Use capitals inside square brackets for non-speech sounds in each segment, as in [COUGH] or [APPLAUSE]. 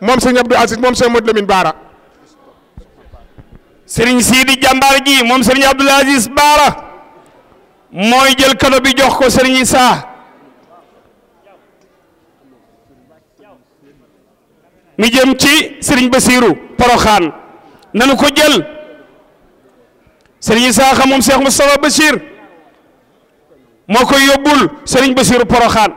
moom sëñ Abdou Aziz moom sëñ Modou sëriñ Sidi moom sëriñ Abdou Aziz Baara mooy jël kado bi jox ko sëriñ saa mi jëm ci sëriñ Basiiru Poroxaan nanu ko jël sëriñ Issa xam moom Cheikh Moustapha Bachir moo koy yóbbul sëriñ Basiiru Poroxaan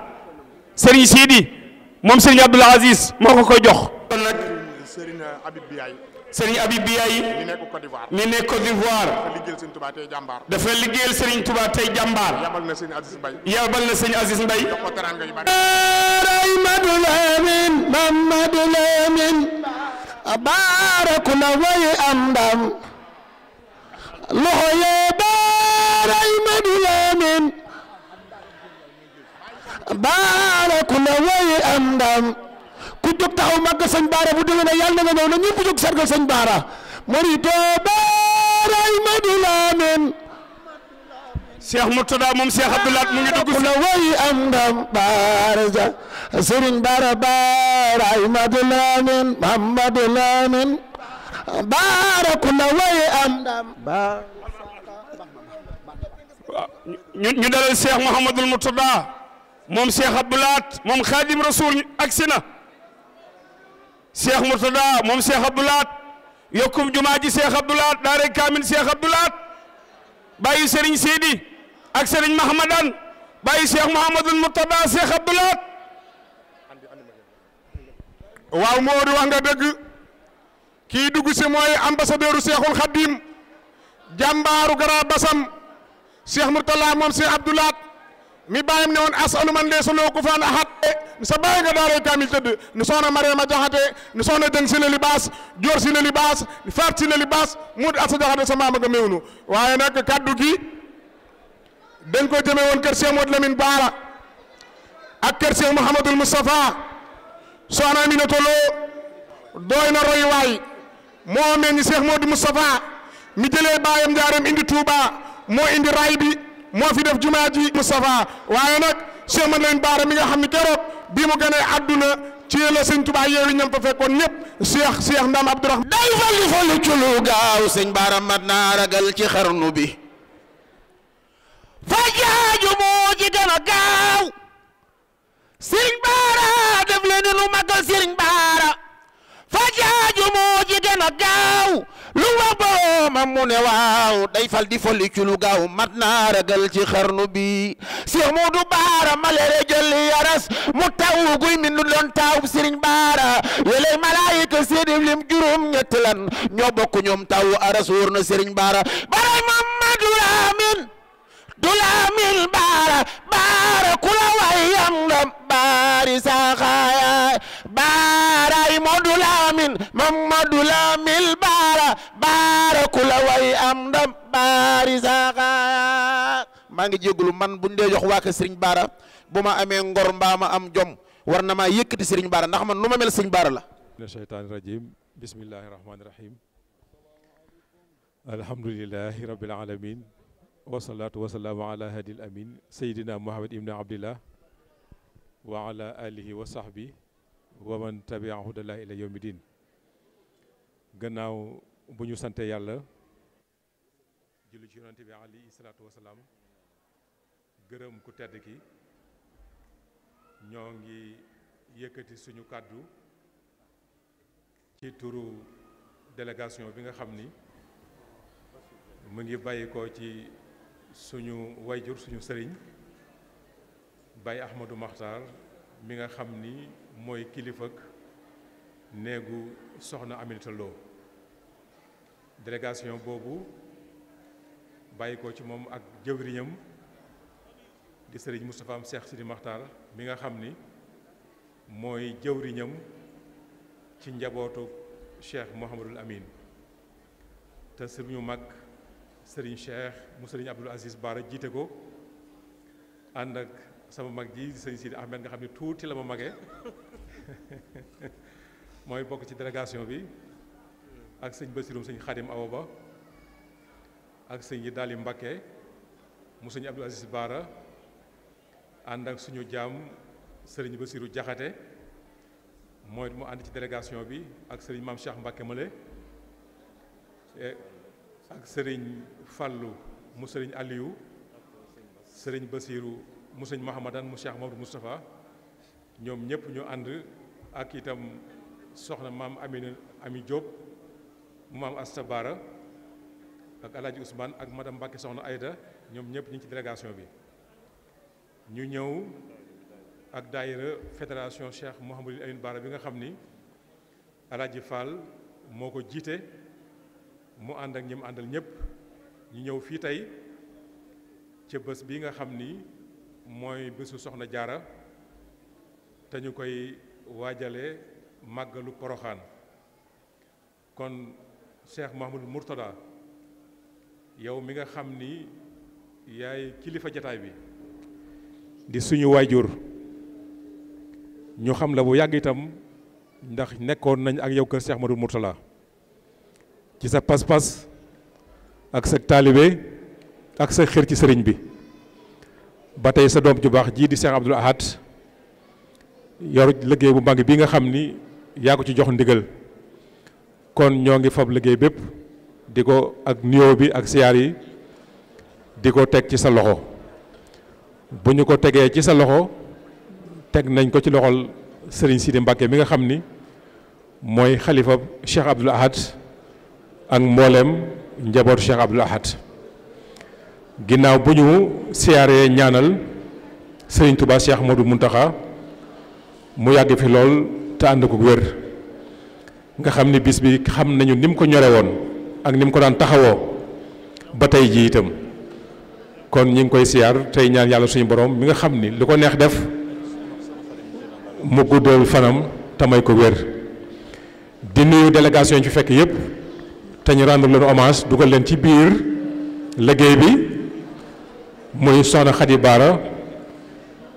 sëriñ Sidi moom Serigne Abdoul Aziz moo ko koy jox. kon nag Serigne Habib Biaye. Serigne Habib Biaye. mi nekk Côte d'Ivoire. mi nekk Côte d'Ivoire. dafa liggéeyal Serigne Touba tey jàmbaar. dafa liggéeyal Serigne Touba tey jàmbaar. a na Serigne Aziz Mbaye. yabal na Serigne Aziz Mbaye. jox ko teraanga yu am ndam loxo yee baara ku ne woyi am ndam ku jóg taxaw màgg baara bu déwéne yàlla na nga ñëw na ñëpp jóg sargal sëñ baara mu ngi dugg baara ja sëriñ baara laamin mamadu laamin baara ku ne woyi am ndam baara ñu dalal Cheikh Murtada moom Cheikh Abdou Lahad moom Xaadim Rasuul agsi na Cheikh Murtada moom Cheikh Abdou Lahad yokkum jumaa ji Cheikh kaamin Cheikh Abdou Lahad bàyyi Serigne Sidi ak Serigne waaw Moodu wax nga kii dugg si mooy ambassadeuru Cheikhul Khadim jàmbaaru Grand Bassam Cheikh Murtada moom Cheikh Abdou mi bàyyam ne woon asalu man lee sa loo ko faan axat sa bàyyi nga daaray kaamil tëdd ni soxna Mariama Jaxate ni soxna Jëng si la li Joor si la li baas Faat si la li baas asa Jaxate sa maama nga méwnu waaye nag kaddu gi dañ ko jëme woon kër Cheikh Modou Lamine Baara ak kër Cheikh Mouhamadul Moustapha soxna Aminata Lo doy na roy waay moo mel ni Cheikh Modou Moustapha mi jëlee baayam njaaram indi Touba moo indi ray moo fi def jumaa ji Moustapha waaye nag Cheikh Madeleine Baara mi nga xam ne keroog bi mu gënee àdduna ci la sëñ Tuubaa yeewi ñam fa fekkoon ñëpp Cheikh Cheikh Ndam Abdourahmane day falli falli ci lu gaaw sëñ Baara mat naa ragal ci xarnu bi fa jaaju moo ci gën a gaaw sëriñ Baara def leen lu magal sëriñ Baara fa jaaju moo ci gën a gaaw lu ma mu ne waaw day fal di folli ci lu gaaw mat naa ragal ci xarnu bi Cheikh Modou Baara malere jolli yaras mu taw guy min lu doon taw Serigne Baara yelay malaayika seeni lim juróom ñett lan ñoo ñoom taw aras wóor na Serigne Baara baray Mamadou Lamine du Lamine Baara Baara ku la wayam ndam baari saxaaya Baara Modou Lamine Mamadou Lamine baaraku la way am ndam baari saaka maa ngi jégalu man bu dee jox waa kër Serigne bu ma amee ngor mbaa am jom war na maa yëkkati Serigne Bara ndax man nu ma mel Serigne Bara la. mina a rajiim bismillaahi rahmaani rahiim alhamdulillaahi rabbil aalamiin wasalaatu wasalaamu ala hadil wa ala alihi wa wa man tabiahu dala ila yawmi din bu ñu sante yàlla julli ci yonante bi alayhi salaatu wasalaam gërëm ku tedd ki ñoo ngi yëkkati suñu kàddu ci turu délégation bi nga xam ni mu ngi bàyyi ko ci suñu wayjur suñu sëriñ Baye Ahmadou Makhtar mi nga xam ni mooy kilifak néegu soxna Aminata Lo délégation boobu bàyyi ko ci moom ak jëwriñam di sëriñ Moustapha am Sidi Maxtaar mi nga xam ni mooy jëwriñam ci njabootu Cheikh Mouhamadul Amin te suñu mag sëriñ Cheikh mu sëriñ Abdoul Aziz Bara jiite ko ànd ak sama mag ji di sëriñ Sidi Ahmed nga xam ni tuuti la ma magee [LAUGHS] mooy bokk ci délégation bi ak sëñ Basirum sëñ Xadim Awa Ba ak sëñ yi daali Mbakke mu sëñ Abdou Aziz Baara ànd ak suñu jaam sëriñ Basiru Jaxate mooy mu ànd ci délégation bi ak sëriñ Maam Cheikh Mbakke Mële ak sëriñ Fàllu mu sëriñ Aliou sëriñ Basiru mu sëñ Mahamadan mu Cheikh Mamadou mustafa ñoom ñëpp ñu ànd ak itam soxna maam Amina Ami Diop maam Asta Bara ak El Hadj ak madame Mbacke Soxna ayda ñoom ñëpp ñu ci délégation bi ñu ñëw ak daayira fédération Cheikh Mouhamadul Amin Bara bi nga xam ni El Hadj moo ko jiite mu ànd ak ñi àndal ñëpp ñu ñëw fii tey ca bés bi nga xam ni mooy bésu Soxna Jaara te ñu koy waajale màggalu Poroxaan kon Cheikh Mahmoud Mourtada yow mi nga xam ni yaay kilifa jataay bi di suñu waajur ñu xam la bu yàgg itam ndax nekkoon nañ ak yow kër Cheikh Mahmoud Mourtada ci sa pas-pas ak sa taalibe ak sa xër ci sëriñ bi ba tey sa doom ju baax jii di Cheikh Abdoul Ahad yor liggéey bu mag bi nga xam ni yaa ko ci jox ndigal kon ñoo ngi fab liggéey bépp di ko ak nuyoo bi ak siyaar yi di ko teg ci sa loxo bu ñu ko tegee ci sa loxo teg nañ ko ci loxol sëriñ Sidi Mbacke bi nga xam ni mooy xalifa Cheikh Abdoul Ahad ak mbooleem njabootu Cheikh Abdoul Ahad ginnaaw bu ñu siyaaree ñaanal Serigne Touba Cheikh Modou Mountakha mu yàgg fi lool te ànd ko wér nga xam ni bis bi xam nañu ni mu ko ñore woon ak ni mu ko daan taxawoo ba tey jii itam kon ñi ngi koy siyaar tey ñaan yàlla suñu borom mi nga xam ni lu ko neex def mu guddal fanam te may ko wér di nuyu délégation yi fi fekk yépp te ñu rendre leen dugal leen ci biir liggéey bi muy soxna Xadi Baara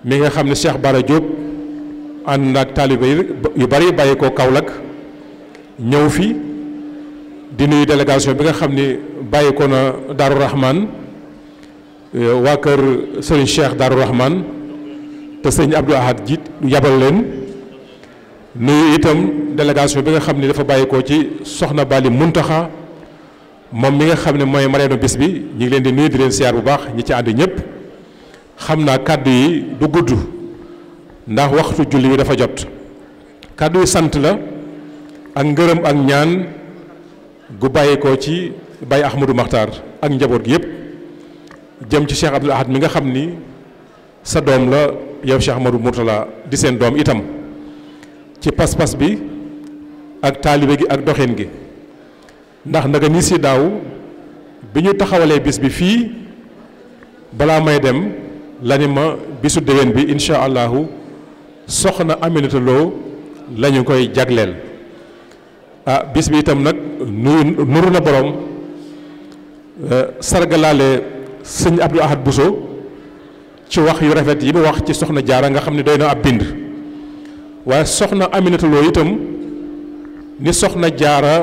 mi nga xam ne Cheikh Baara Diop ànd ak taalibe yu bari bàyyi ko Kaolack ñëw fi di nuyu délégation bi nga xam ni bàyyi ko na Darou Rahman euh, waa kër Serigne Cheikh Darou Rahman te sëñ Abdou Ahad ji yabal leen nuyu itam délégation bi nga xam ni dafa bàyyi ci Soxna Bali Muntaxa moom mi nga xam ne mooy mareenu bis bi ñu leen di nuyu di leen siyaar bu baax ñi ci ànd ñëpp xam naa kàddu yi du gudd ndax waxtu julli bi dafa jot kàddu sant la. ak ngërëm ak ñaan gu bàyyikoo ci Baye Ahmadou Makhtar ak njaboot gi yëpp jëm ci Cheikh Abdoul Ahad mi nga xam ni sa doom la yow Cheikh Ahmadou Mourtala di seen doom itam ci pas-pas bi ak taalibe gi ak doxin gi ndax naka ni si daaw bi ñu taxawalee bis bi fii balaa may dem la ma bisu déwén bi incha allahu soxna Aminata Lo loo lañu koy jagleel. ah bis bi itam nag nuyu nuru na borom eh, sargalaale sëñ Abdou Ahad Bousso ci wax yu rafet yi mu wax ci soxna jaara nga xam ne doy na ab bind waaye soxna Aminata Lo itam ni soxna jaara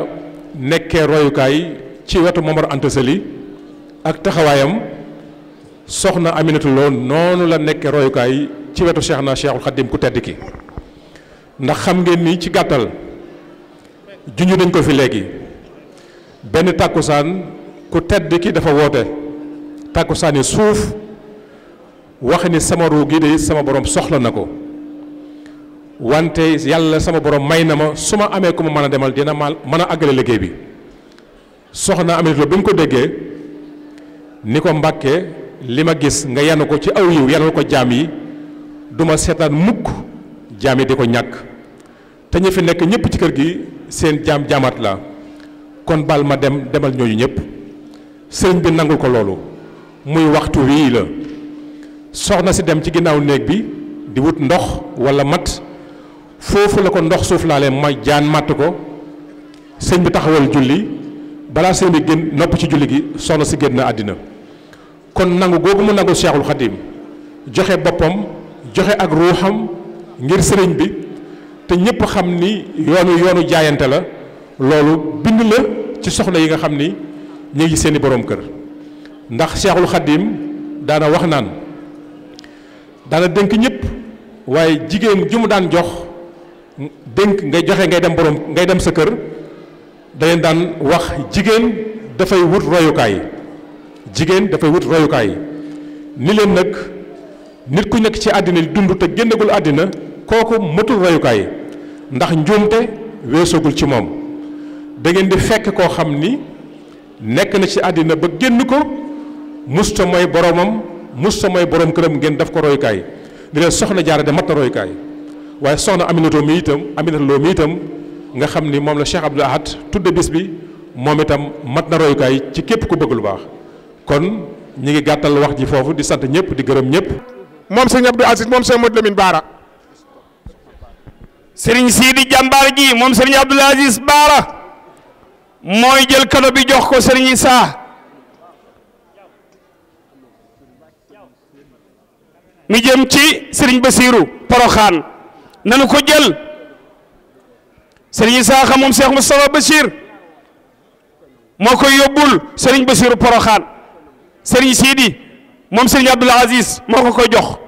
nekkee royukaay ci wetu Momar Anta Sali ak taxawaayam soxna Aminata Lo noonu la nekkee royukaay ci wetu Cheikh na Cheikhul Khadim ku tedd ki ndax xam ngeen ni ci gàttal junj dañ ko fi léegi benn tàkkusaan ku tedd ki dafa woote tàkkusaani suuf wax ni sama ruu gi de sama borom soxla na ko wante yàlla sama borom may na ma su ma amee ku ma mën a demal dina ma mën a àggale liggéey bi soxna Aminata Lo bi mu ko déggee ni ko mbàkke li ma gis nga yanu ko ci aw yiw yanal ko jaam yi duma seetaan mukk jaam yi di ko ñàkk te ñu fi nekk ñépp ci kër gi seen jaam jaamaat la kon baal ma dem demal ñooñu ñëpp sëriñ bi nangul ko loolu muy waxtu wii la soxna si dem ci ginnaaw néeg bi di wut ndox walla mat foofu la ko ndox suuf leen ma jaan matt ko sëñ bi taxawal julli balaa seen bi génn nopp ci julli gi soxna si génn àddina kon nangu googu mu nangu Seexul Xadiim joxe boppam joxe ak ruuxam ngir sëriñ bi te ñëpp xam ni yoonu yoonu jaayante la loolu bind la ci soxla yi nga xam ni ñu ngi seeni boroom kër ndax Cheikhul Khadim daana wax naan daana dënk ñëpp waaye jigéen ju mu daan jox dënk ngay joxe ngay dem boroom ngay dem sa kër daleen daan wax jigéen dafay wut royukaay jigéen dafay wut royukaay ni leen nag nit ku nekk ci àddina di dund te génnagul àddina kooku matul royukaay ndax njuumte weesagul ci moom da ngeen di fekk koo xam ni nekk na ci àddina ba génn ko musta mooy boromam musta mooy borom këram ngeen daf ko royukaay ni leen soxna jaara de mat na royukaay waaye soxna Aminata mi itam Aminata Lo mi itam nga xam ni moom la Cheikh Abdoul Ahad tudde bis bi moom itam mat na royukaay ci képp ku bëgg lu baax kon ñi ngi gàttal wax ji foofu di sant ñëpp di gërëm ñëpp. moom sëñ Abdou Aziz moom sëñ Modou Lamine Baara. sëriñ Sidi jàmbaar ji moom sëriñ Abdoul Aziz Baara mooy jël kado bi jox ko sëriñ Issa mi jëm ci sëriñ Basiiru Poroxaan nanu ko jël sëriñ Issa xam moom Cheikh Moustapha Bachir moo koy yóbbul sëriñ Basiiru Poroxaan sëriñ Sidi moom sëriñ Abdoul Aziz moo ko koy jox